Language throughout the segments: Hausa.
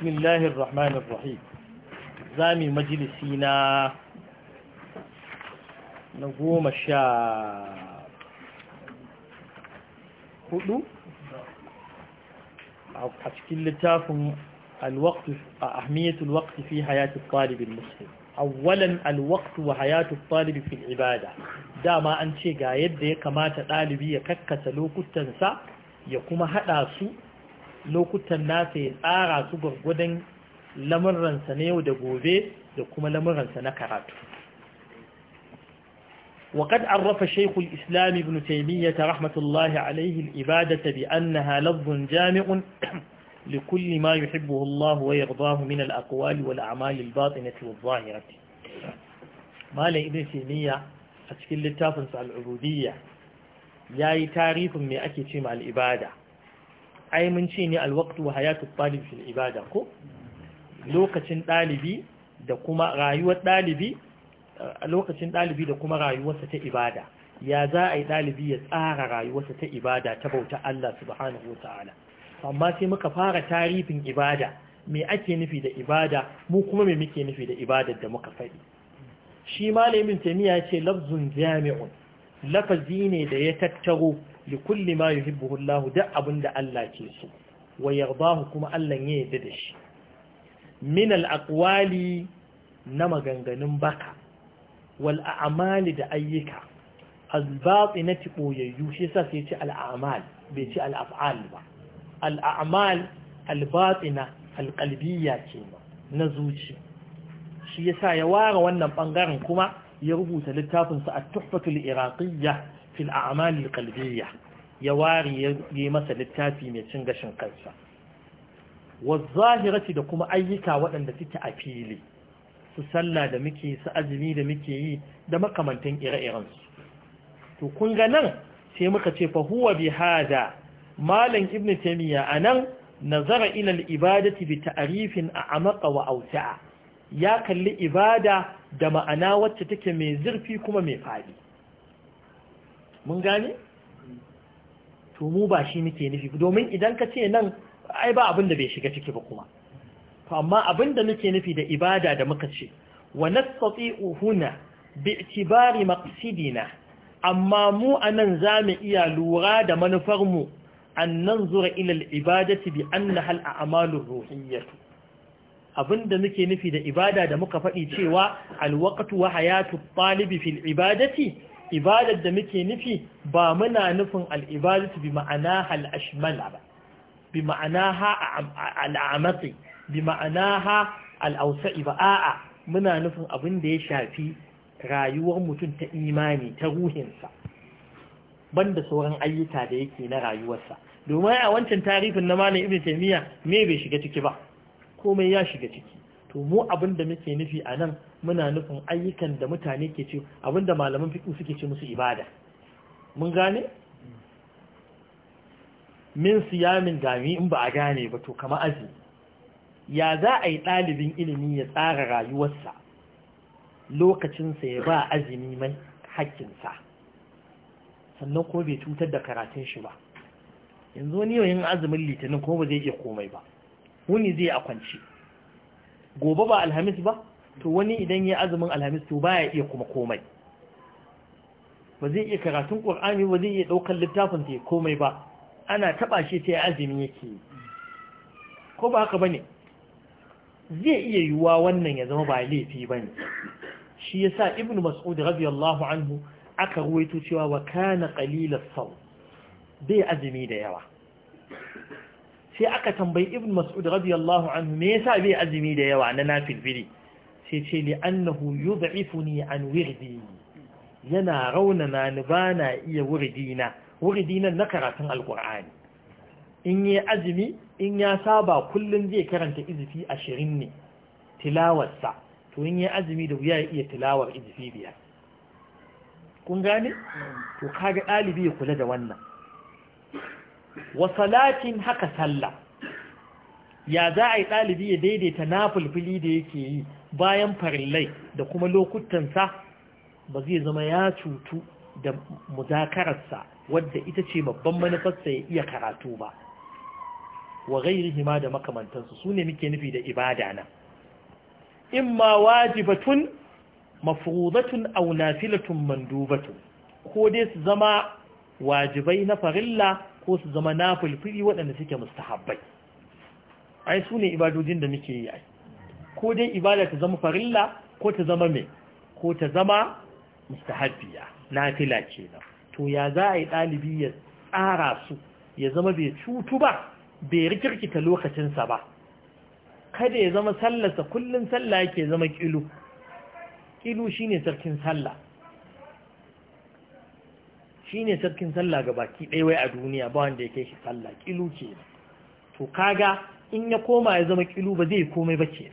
بسم الله الرحمن الرحيم زامي مجلسينا نقوم الشاء هدو أشكل لتاف الوقت أهمية الوقت في حياة الطالب المسلم أولا الوقت وحياة الطالب في العبادة داما أنشي قايد دي كما تطالبي يككت لو كنت تنسى يقوم هدى سوء lokutan nasa ya tsara su gwargwadon lamuransa na yau da gobe da kuma lamuransa na karatu وقد عرف شيخ الإسلام ابن تيمية رحمة الله عليه الإبادة بأنها لفظ جامع لكل ما يحبه الله ويرضاه من الأقوال والأعمال الباطنة والظاهرة ما لي ابن تيمية أتكلم تافنس على العبودية ياي تعريف من أكتم الإبادة ai mun ce ne alwaqtu wa hayatu fil ibada ko lokacin ɗalibi da kuma rayuwar ɗalibi lokacin da kuma rayuwarsa ta ibada ya za a yi ɗalibi ya tsara rayuwarsa ta ibada ta bauta Allah subhanahu ta'ala amma sai muka fara tarifin ibada me ake nufi da ibada mu kuma me muke nufi da ibada da muka faɗi shi malamin tamiya ce lafzun jami'un lafazi ne da ya tattaro li ma yuhibbuhu Allah duk abin da Allah ke so wa hu kuma Allah ya yarda da shi min al'akwali na maganganun baka wal a'mali da ayyuka na tiɓo boyayyu shi yasa sai ce al bai ci al-af'al ba Al'amal amal al-batina al na zuci shi yasa ya ware wannan bangaren kuma ya rubuta littafinsa a tuhfatul iraƙiyya fil al qalbiyya ya wari ya yi masa littafi mai cin gashin kansa wazzahirati da kuma ayyuka waɗanda suke a fili su sallah da muke su azumi da muke yi da makamantan ire-iren su to kun ga nan sai muka ce fa huwa bi hada malam ibnu taymiya anan nazara ila al-ibadati bi ta'rifin a'maqa wa awsa'a ya kalli ibada da ma'ana wacce take mai zurfi kuma mai fadi mun gane to mu ba shi muke nufi domin idan ka ce nan ai ba abin da bai shiga ciki ba kuma to amma abin da muke nufi da ibada da muka ce wa nastati'u huna bi'tibari maqsidina amma mu anan zamu iya lura da manufar mu an nanzura ila al-ibadati bi annaha al-a'malu Abin da muke nufi da ibada da muka faɗi cewa al-waqtu wa hayatu talibi fil ibadati ibadar da muke nufi ba muna nufin al'ibadatu bi ma'ana ba bi ma'ana ha al'amatsi bi ma'ana ha al'ausa'i ba a'a muna nufin abin da ya shafi rayuwar mutum ta imani ta ruhinsa banda sauran ayyuka da yake na rayuwarsa domin a wancan tarihin na malam ibn taymiya me bai shiga ciki ba komai ya shiga ciki to mu abin da muke nufi a nan muna nufin ayyukan da mutane ke ce abin da malaman fiƙi suke ce musu ibada mun gane min siyamin gami in ba a gane ba to kama aji ya za a yi ɗalibin ilimi ya tsara rayuwarsa lokacinsa ya ba azumi mai hakkinsa sannan ko bai cutar da karatun shi ba yanzu wani yau yin azumin litinin kuma ba zai iya komai ba wuni zai a kwanci gobe ba alhamis ba to wani idan ya azumin alhamis to baya iya kuma komai ba zai iya karatun ƙur'ani ba zai iya ɗaukar littafin ta komai ba ana taɓa shi ta azumi yake ko ba haka ba ne zai iya yiwuwa wannan ya zama ba laifi ba ne shi ya sa ibn mas'ud radiyallahu anhu aka ruwaito cewa wa kana qalilas bai azumi da yawa sai aka tambayi ibn mas'ud radiyallahu anhu me yasa bai azumi da yawa na nafilfili sai ce li annahu yud'ifuni an wirdi yana raunana ni bana iya wuri wirdinan na karatun alqur'ani in yi azumi in ya saba kullum zai karanta izifi ashirin ne tilawarsa to in yi azumi da wuya ya iya tilawar izifi biyar kun gane to kaga ɗalibi ya kula da wannan wa salatin haka sallah ya za a yi ɗalibi ya daidaita na fulfili da yake yi bayan farillai da kuma lokutansa ba zai zama ya cutu da muzakararsa wadda ita ce babban manufarsa ya iya karatu ba wa gairi hima da makamantansu su ne muke nufi da ibada na In imma wajibatun mafrudatun aw nafilatun mandubatun ko dai su zama wajibai na farilla ko su zama nafilfili waɗanda suke mustahabbai ai su ne ibadojin da muke yi ai ko dai ibada ta zama farilla ko ta zama mai ko ta zama mustahabbiya nafila kenan to ya za a yi ɗalibi ya tsara su ya zama bai cutu ba bai rikirkita lokacinsa ba kada ya zama sallarsa kullum sallah yake zama kilu kilu shine sarkin sallah shi ne sarkin sallah ga baki ɗaya wai a duniya ba wanda ya kai shi sallah ƙilu ke to kaga in ya koma ya zama kilu ba zai komai ba ke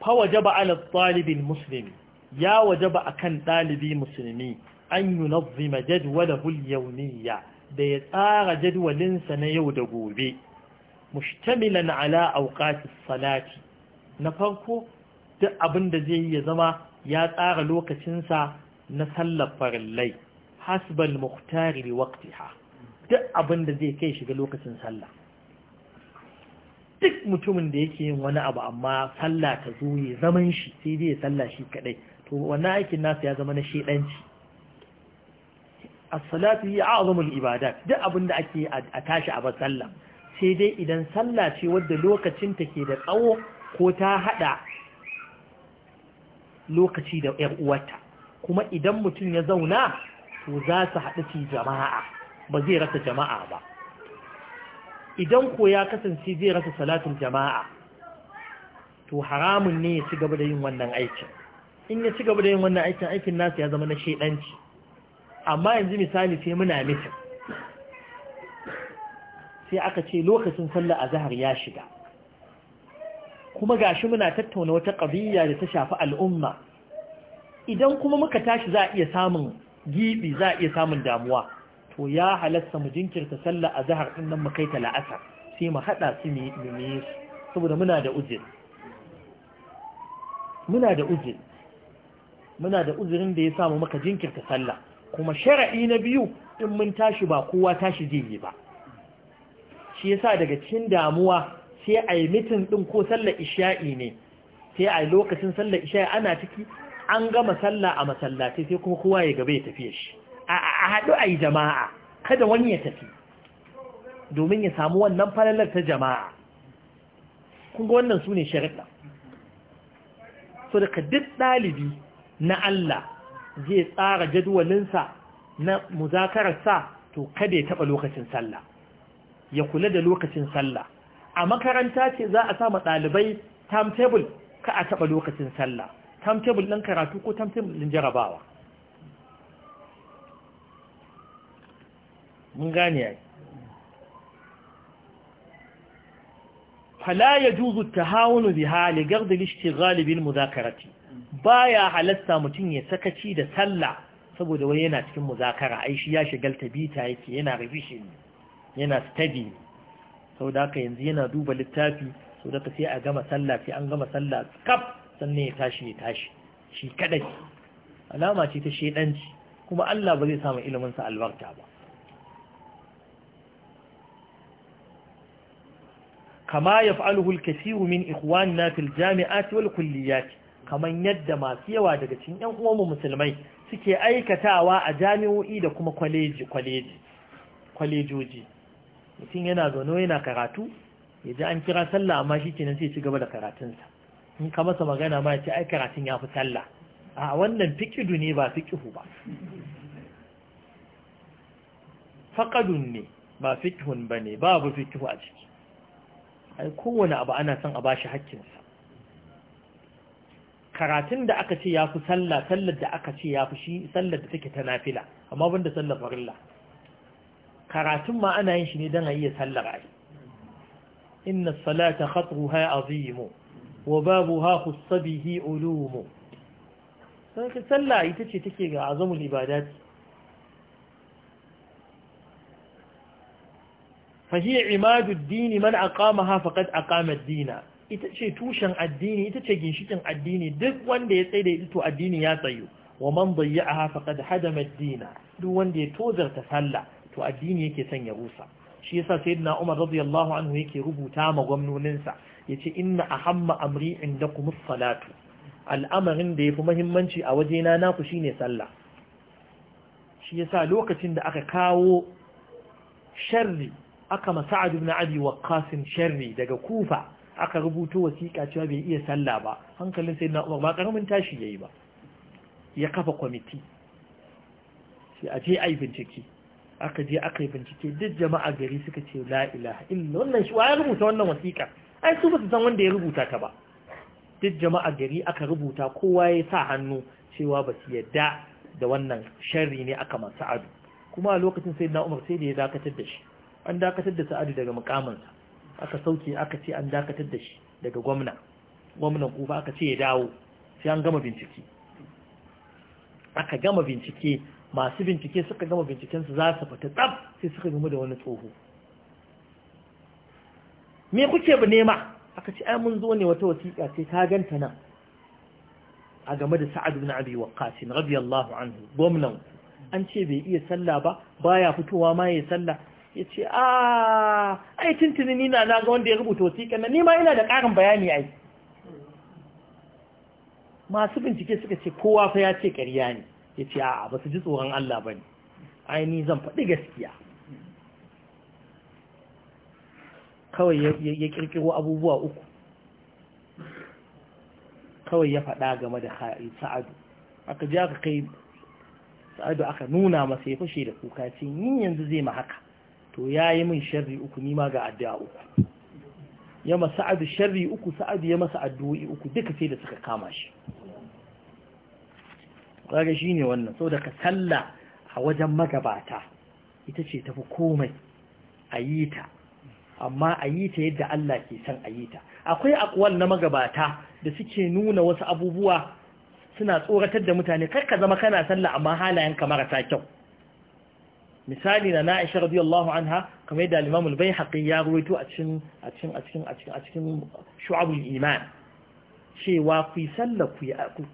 fa wajaba ala talibin musulmi ya wajaba akan ɗalibi musulmi an yunazzima jadwalahu al-yawmiyya da ya tsara jadwalinsa na yau da gobe mushtamilan ala awqatis salati na farko duk abin da zai yi ya zama ya tsara lokacinsa na sallar farillai hasbal muhtari li waqtiha duk abin da zai kai shiga lokacin sallah duk mutumin da yake yin wani abu amma sallah ta zo ya zaman shi sai dai ya sallah shi kadai to wannan aikin nasu ya zama na shedanci as-salatu hi a'zamul ibadat duk abin da ake a tashi a bar sallah sai dai idan sallah ce wadda lokacin take ke da tsawo ko ta hada lokaci da ‘yar uwarta kuma idan mutum ya zauna to za su haɗu ci jama'a ba zai rasa jama'a ba idan ko ya kasance zai rasa salatin jama'a to haramun ne ya ci gaba da yin wannan aikin in ya ci gaba da yin wannan aikin aikin nasu ya zama na shaidanci amma yanzu misali sai muna mitin sai aka ce lokacin sallar azhar ya shiga kuma ga shi muna tattauna wata ƙabiyya da ta shafi al'umma idan kuma muka tashi za a iya samun gibi za a iya samun damuwa to ya halasta mu jinkirta sallah a zahar ɗin nan mu kai ta la'asa sai mu haɗa su mu yi saboda muna da uzir muna da uzir muna da uzirin da ya samu maka jinkirta sallah kuma shara'i na biyu in mun tashi ba kowa tashi zai yi ba shi yasa daga cikin damuwa sai a yi mitin ɗin ko sallar isha'i ne sai a yi lokacin sallar isha'i ana ciki an gama sallah a masallatai sai kuma kowa ya gaba ya tafi shi a haɗu a yi jama'a kada wani ya tafi domin ya samu wannan falalar ta jama'a kun wannan su ne sharaɗa so daga duk ɗalibi na Allah zai tsara jadwalinsa na muzakararsa to kada ya taɓa lokacin sallah ya kula da lokacin sallah a makaranta ce za a sama ɗalibai timetable ka a taɓa lokacin sallah timetable ɗin karatu ko timetable ɗin jarabawa mun gane yayi fala yajuzu tahawunu bi hali gard al galibin bil mudhakarati baya halasta mutum ya sakaci da sallah saboda wai yana cikin muzakara ai shi ya shigalta bita yake yana revision yana study sau da haka yanzu yana duba littafi sau da sai a gama sallah sai an gama sallah kaf sannan ya tashi ya tashi shi kadai alama ce ta shedanci kuma Allah ba zai samu ilimin sa albarka ba kama yaf'aluhu al-kaseeru min ikhwanina fil jami'ati wal kulliyat kaman yadda masu yawa daga cikin yan uwanmu musulmai suke aikatawa a jami'o'i da kuma kwaleji kwalejoji mutum yana zaune yana karatu ya ji an kira sallah amma shi kenan sai ci gaba da karatunsa in ka masa magana ma ya ce ai karatun ya fi sallah a wannan fikidu ne ba fikihu ba faƙadun ne ba fikihun ba ne babu fikihu a ciki ai kowane abu ana son a bashi hakkinsa karatun da aka ce ya fi sallah sallar da aka ce ya fi shi sallar da take ta nafila amma banda sallar farilla karatun ma ana yin shi ne don a iya sallar ai inna salata khatruha azimu wa babuha khussabihi ulumu sai sallah ita ce take ga azamul ibadat فهي عماد الدين من أقامها فقد أقام الدين ita ce tushen addini ita ce ginshikin addini duk wanda ya tsaye da ito addini ya tsayu wa man dayya'aha faqad hadama ad-din duk wanda ya tozarta sallah to addini yake son ya rusa shi yasa sayyidina Umar radiyallahu anhu yake rubuta ma gwamnoninsa yace inna ahamma amri indakum as-salatu al'amarin da yafi muhimmanci a wajena naku shine sallah shi yasa lokacin da aka kawo sharri aka sa'ad ibn abi waqqas sharri daga kufa aka rubuto wasiqa cewa bai iya sallah ba hankalin sayyidina Umar ba karamin tashi yayi ba ya kafa kwamiti sai a je ai bincike aka je aka yi bincike duk jama'a gari suka ce la ilaha illa wannan shi ya rubuta wannan wasiƙa ai su basu san wanda ya rubuta ta ba duk jama'a gari aka rubuta kowa ya sa hannu cewa ba su yadda da wannan sharri ne aka masu adu kuma a lokacin sai na umar sai da ya dakatar da shi an dakatar da sa'adu daga mukamansa. aka sauke aka ce an dakatar da shi daga gwamna gwamnan kufa aka ce ya dawo sai an gama bincike aka gama bincike masu bincike suka gama bincikensu za su fita tsab sai suka gama da wani tsoho me kuke ba nema aka ce ai mun zo ne wata wasiƙa ce ka ganta nan a game da sa'ad ibn abi waqqas radiyallahu anhu gwamnan an ce bai iya sallah ba baya fitowa ma yayin sallah yace a ai tuntuni ni na ga wanda ya rubuta wasiƙan nan ni ma ina da ƙarin bayani ai masu bincike suka ce kowa fa ya ce ƙarya ne ya ce a ba su ji tsoron Allah ba ne aini zan faɗi gaskiya kawai ya ƙirƙiro abubuwa uku kawai ya faɗa game da sa'adu aka ji aka kai sa'adu aka nuna masa ya fashe da kuka ce yin yanzu zai ma haka to ya yi min sharri uku nima ga addu'a uku ya ma sa'adu sharri uku sa'adu ya masa addu'o'i uku duka sai da suka kama shi ƙwarar shi ne wannan so daga sallah a wajen magabata ita ce tafi komai a yi ta amma a yi ta yadda Allah ke son a yi ta akwai akwal na magabata da suke nuna wasu abubuwa suna tsoratar da mutane ka zama kana salla, amma halayen ka marasa kyau misali na aisha radiyallahu anha kamar yadda al-Imam al-Baihaqi ya ruwaito a cikin a cikin a cikin a cikin a cikin shu'abul iman cewa ku yi sallah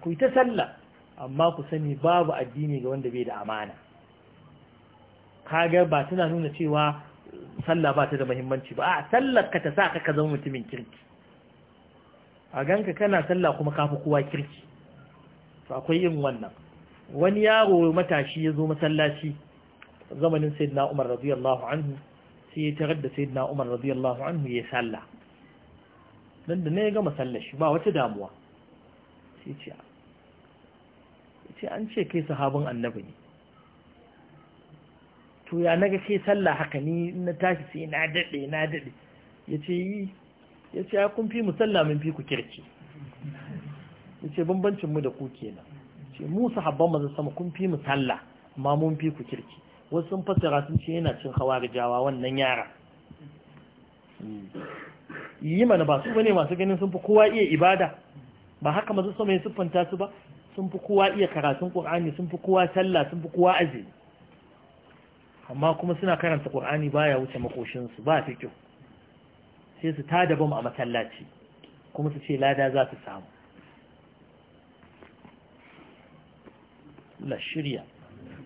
ku yi ta sallah amma ku sani babu addini ga wanda bai da amana ka ga ba tana nuna cewa sallah ba ta da muhimmanci ba a sallar ka ta sa ka zama mutumin kirki a ganka kana sallah kuma kafi kowa kirki to akwai yin wannan wani yaro matashi ya zo masallaci zamanin sayyidina Umar radiyallahu anhu sai ya tarar da sayyidina Umar radiyallahu anhu ya sallah dan da ne ya gama sallar ba wata damuwa sai ce ce an ce kai sahabin annabi ne to ya naga kai sallah haka ni na tashi sai na daɗe na daɗe yace yi ya ce kun fi mu sallah mun fi ku kirki yace bambancin mu da ku kenan ce mu sahabban mazan sama kun fi mu sallah amma mun fi ku kirki wasu sun fassara sun ce yana cin hawarijawa wannan yara hmm. yi mana ba su bane masu ganin sun fi kowa iya ibada ba haka mazu sama ya siffanta su ba sun fi kowa iya karatun ƙur'ani sun fi kowa sallah sun fi kowa azumi amma kuma suna karanta ƙur'ani baya wuce makoshinsu ba kyau. sai su tada bamu a masallaci kuma su ce lada za su samu la shirya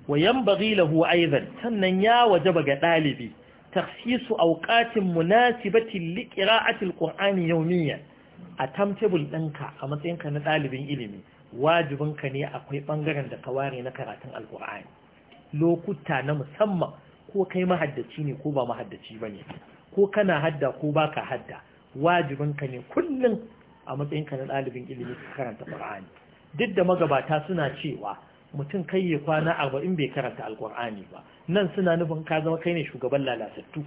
wa yanbaghi lahu aidan sannan ya wajaba ga dalibi takhsisu awqatin munasibatin liqira'ati alqur'ani yawmiyan a timetable ɗinka a matsayinka na ɗalibin ilimi Wajibin ka ne akwai ɓangaren da ka ware na karatun alkur'ani lokuta na musamman ko kai mahaddaci ne ko ba mahaddaci ba ne ko kana hadda ko ba ka hadda wajibinka ne kullum a matsayinka na ɗalibin ilimi ka karanta ƙur'ani duk da magabata suna cewa mutum kai ya kwana arba'in bai karanta alkur'ani ba nan suna nufin ka zama kai ne shugaban lalatattu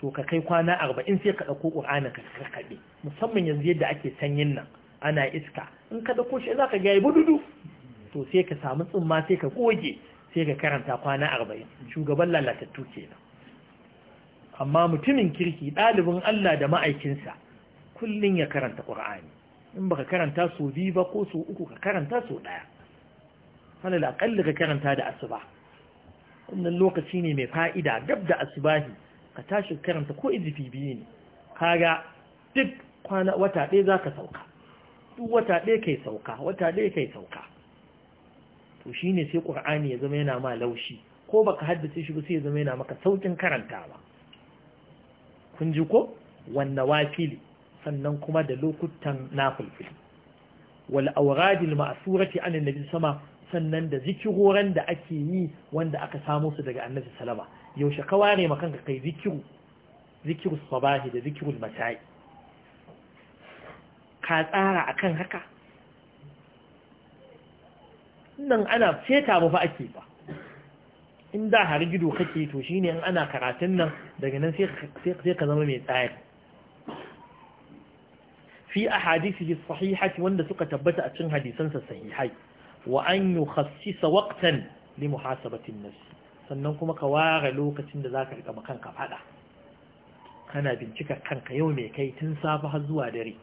to ka kai kwana arba'in sai ka ɗauko ƙur'anin ka kaɗe musamman yanzu yadda ake sanyin nan ana iska in ka dauko shi ka ga yabu dudu to sai ka samu tsumma sai ka goge sai ka karanta kwana 40 shugaban lalatattu kenan amma mutumin kirki ɗalibin Allah da ma'aikinsa kullun ya karanta Qur'ani in baka karanta su biyu ba ko su uku ka karanta su daya wanda da akalli ka karanta da asuba wannan lokaci ne mai fa'ida gab da asubahi ka tashi karanta ko izifi biyu ne kaga duk kwana wata ɗaya zaka ka sauka duk wata ɗaya kai sauka wata ɗaya kai sauka to shine sai ƙur'ani ya zama yana ma laushi ko baka haddace shi ba sai ya zama yana maka saukin karantawa kun ji ko wanne wafili sannan kuma da lokutan nafilfili wal awradil ma'surati an annabi sama sannan da zikiroran da ake yi wanda aka samu su daga annabi salama yaushe ka ware makanka kai zikiru zikiru sabahi da zikirul masa'i ka tsara a kan haka nan ana feta ba fa ake ba in da har gido kake to shine in ana karatun nan daga nan sai ka zama mai tsayar fi ahadithihi sahihati wanda suka tabbata a cin hadisansa sahihai wa an yukhassisa waqtan waktan limu hasabatin nasu sannan kuma ka ware lokacin da za zaka rika kanka fada kana bincika kanka yau mai kai tun safa har zuwa dare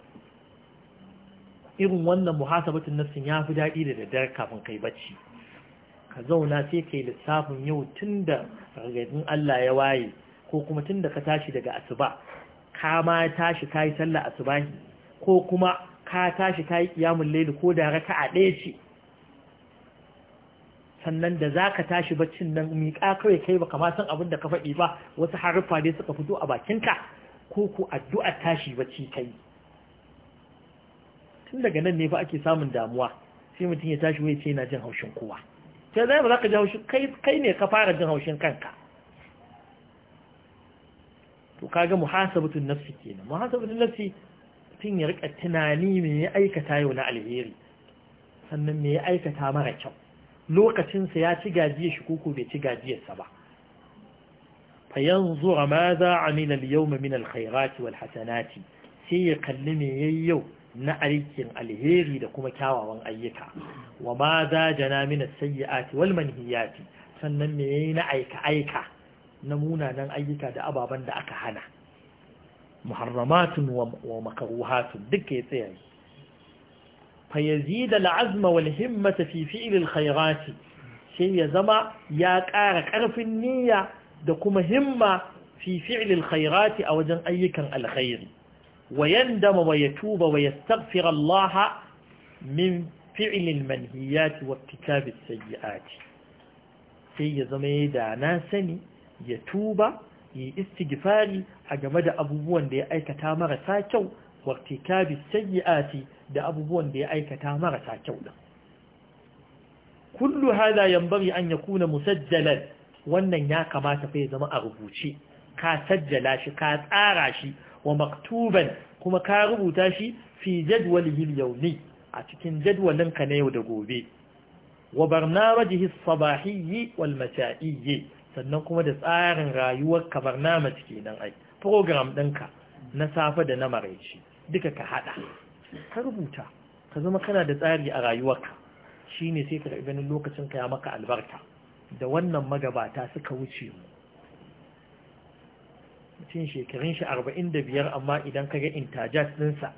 irin wannan muhasabatin nafsin ya fi daɗi da daddare kafin kai bacci ka zauna sai kai lissafin yau tun da ragadin Allah ya waye ko kuma tun da ka tashi daga asuba ka ma tashi ka yi sallah asuba ko kuma ka tashi ka yi kiyamun laili ko da raka a ɗaya ce sannan da za ka tashi baccin nan miƙa kawai kai ba ma san abin da ka faɗi ba wasu haruffa ne suka fito a bakinka ko ku addu'a tashi bacci kai tun daga nan ne fa ake samun damuwa sai mutum ya tashi wai ce yana jin haushin kowa sai zai ba za ka ji haushin kai ne ka fara jin haushin kanka to kaga muhasabatun nafsi kenan muhasabatun nafsi mutum ya rika tunani me ya aikata yau na alheri sannan me ya aikata mara kyau lokacinsa ya ci gajiya shi koko bai ci gajiyarsa ba fa yanzu ma za a min al-yawma min al-khairati wal hasanati sai ya kalli me yayi yau na aikin alheri da kuma kyawawan ayyuka wa ma za jana mina sayyi'ati wal manhiyati sannan me yayi na aika aika na munanan ayyuka da ababan da aka hana muharramatun wa makruhatun dukkan ya tsaya fa yazid al azma wal himmata fi fi'l al sai ya zama ya ƙara ƙarfin niyya da kuma himma fi fi'l al a wajen ayyukan alkhairi ويندم ويتوب ويستغفر الله من فعل المنهيات وابتكاب السيئات سي زمي دانا سني يتوب يستغفار أجمد أبوان دي أي كتامر ساكو وابتكاب السيئات دا أبوان دي أي كتامر ساكو كل هذا ينبغي أن يكون مسجلا وأن ياك ما تفيد ما أغفوشي كسجلاش كأثاراشي wa maktuban kuma ka rubuta shi fi jadwalihil yawmi a cikin jadwalin ka na yau da gobe wa barnamajihi sabahiyyi wal mata'iyyi sannan kuma da tsarin rayuwar ka barnamaji kenan ai program ɗinka na safe da na maraici duka ka hada ka rubuta ka zama kana da tsari a rayuwarka shine sai ka ganin lokacin ka ya maka albarka da wannan magabata suka wuce mu mutum shekarun shi arba'in da biyar amma idan ka ga intajat ɗinsa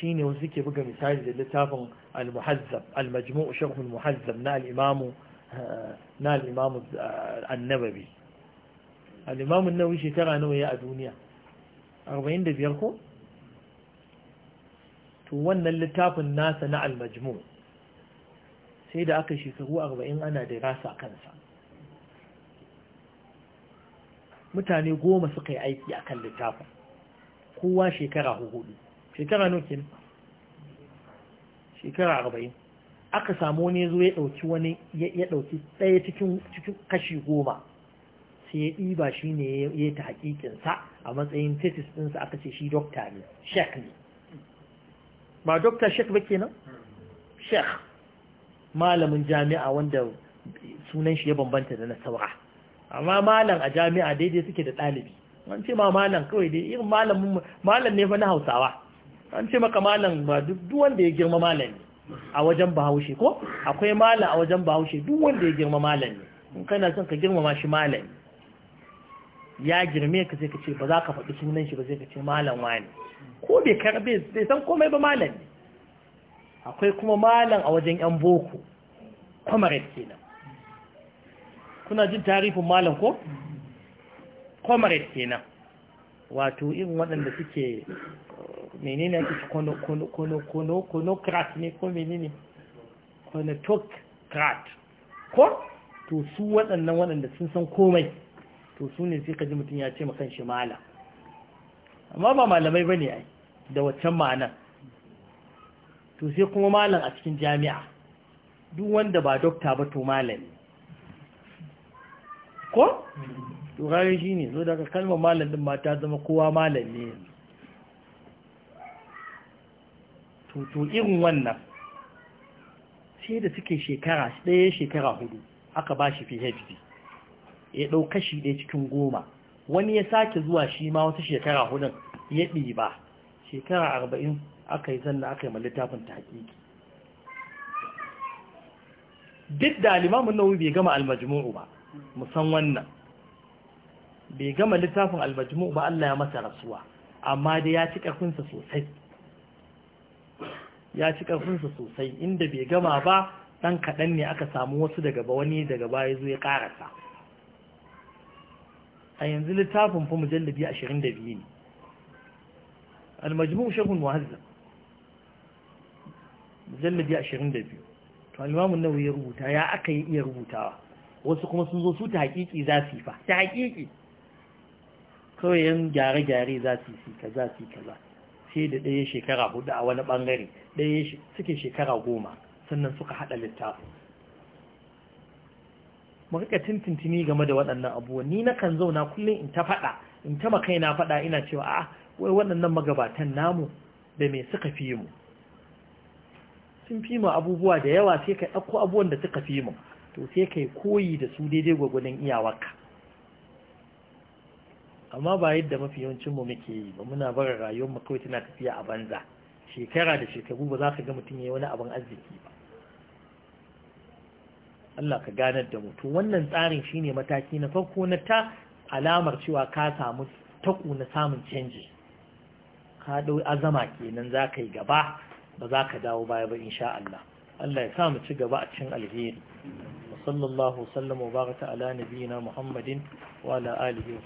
shi ne wasu ke buga misali da littafin al-muhazzab al majmu sharhul muhazzab na al-imamu eh, na al Annababi. Al'imamu eh, al-imamu nawawi shekara nawa ya a duniya 45 ko to wannan littafin nasa na al-majmu' sai da aka shekaru 40 ana da rasa kansa mutane goma suka yi aiki a kan littafin kowa shekara hudu shekara nukin shekara arba'in aka samu wani zo ya ɗauki wani ya ɗauki ɗaya cikin kashi goma sai ya ɗiba shi ne ya ta haƙiƙinsa a matsayin tesis ɗinsa aka ce shi dokta ne shek ne ba dokta shek ba kenan shek malamin jami'a wanda sunan shi ya bambanta da na saura amma malam a jami'a daidai suke da ɗalibi an ce ma malam kawai dai irin malamin malam ne fa na hausawa an ce maka malam ba duk wanda ya girma malam ne a wajen bahaushe ko akwai malam a wajen bahaushe duk wanda ya girma malam ne in kana son ka girmama shi malam ya girme ka sai ka ce ba za ka faɗi sunan shi ba sai ka ce malam wani ko bai karbe bai san komai ba malam ne akwai kuma malam a wajen yan boko kuma kenan kuna jin tarifin malam ko comrade kenan wato irin waɗanda suke menene ake konokrat ne ko menene konotokrat ko to su waɗannan waɗanda sun san komai to su ne sai ka ji mutum ya ce makan shi mala amma ba malamai ba ne da waccan ma'anan to sai kuma malam a cikin jami'a duk wanda ba dokta ba to malami ko to shi ne so daga kalmar malamin din zama kowa malam ne to to irin wannan sai da suke shekara ɗaya shekara hudu aka ba shi phd ya ɗau kashi ɗaya cikin goma wani ya sake zuwa shi ma wata shekara hudun ya ba, shekara arba'in aka yi sannan aka yi ma littafin duk da Limamin nawawi bai gama almajmu'u ba musan wannan bai gama littafin almajmu ba Allah ya masa rasuwa amma dai ya ci ƙarfinsa sosai ya ci ƙarfinsa sosai inda bai gama ba dan kaɗan ne aka samu wasu daga ba wani daga baya zo ya ƙarasa a yanzu littafin fa mujallabi 22 ne almajmu shakun muhazzab mujallabi 22 to al nawa ya rubuta ya aka yi iya rubutawa wasu kuma sun zo su ta haƙiƙi za su yi fa ta haƙiƙi kawai yan gyare-gyare za su yi za su yi kaza sai da ɗaya shekara hudu a wani ɓangare ɗaya suke shekara goma sannan suka haɗa littafin mu rika tuntuntuni game da waɗannan abubuwan ni kan zauna kullum in ta faɗa in ta makai na faɗa ina cewa a wai waɗannan magabatan namu da me suka fi mu sun fi mu abubuwa da yawa sai ka ɗauko abubuwan da suka fi mu to sai kai koyi da su daidai gwagwadon iyawarka amma ba yadda mafi yawancinmu muke yi ba muna bara rayuwar mu kawai tana tafiya a banza shekara da shekaru ba za ka ga mutum ya yi wani abin arziki ba Allah ka ganar da to wannan tsarin shine mataki na farko na ta alamar cewa ka samu taku na samun canji ka dau azama kenan za ka yi gaba ba za ka dawo baya ba insha Allah Allah ya sa mu ci gaba a cin alheri sallallahu sallam ala nabiyyina muhammadin wa ala alihi